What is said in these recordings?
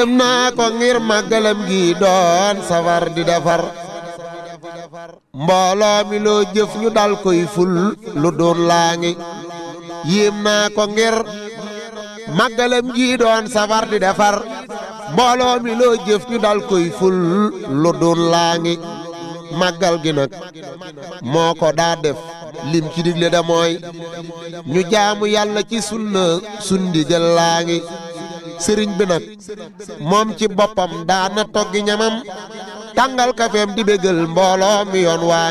jéem màggalam gi doon safar di defar mbooloo mi loo jëf ñu dal koy ful lu doon laa ngi yéem gi doon di defar mbooloo mi lu doon laa gi nag moo ko daa def lim ci digle da ñu jaamu yàlla ci sunna sundi jël laa ngi sëriñ bi nag moom ci boppam daana togg ñamam tàngal kafeem di bégal mbooloo mi yoon waa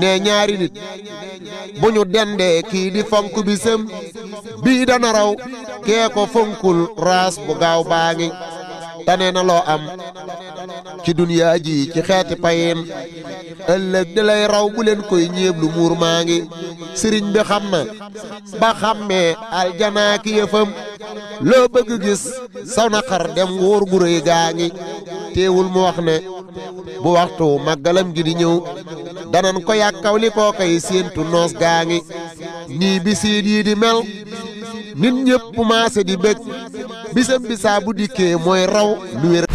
ne ñaari nit bu ñu dendee kii di fonk bisam bii dana raw kee ko fonkul raas bu gaaw baa ngi tane na loo am ci duniyaa ji ci xeeti payin ëllëg di lay raw bu leen koy ñeeblu muur maa ngi sëriñ bi xam na ba xàmmee aljanaa ki yëfam loo bëgg gis saw na xar dem wóor gu rëy gaa ngi teewul mu wax ne bu waxtu màggalam gi di ñëw danan ko yàkkaw li koo koy séentu noos gaa ngi nii bisiit yii di mel nit ñëpp maase di bëgg bisam bisaa bu dikkee mooy raw lu wér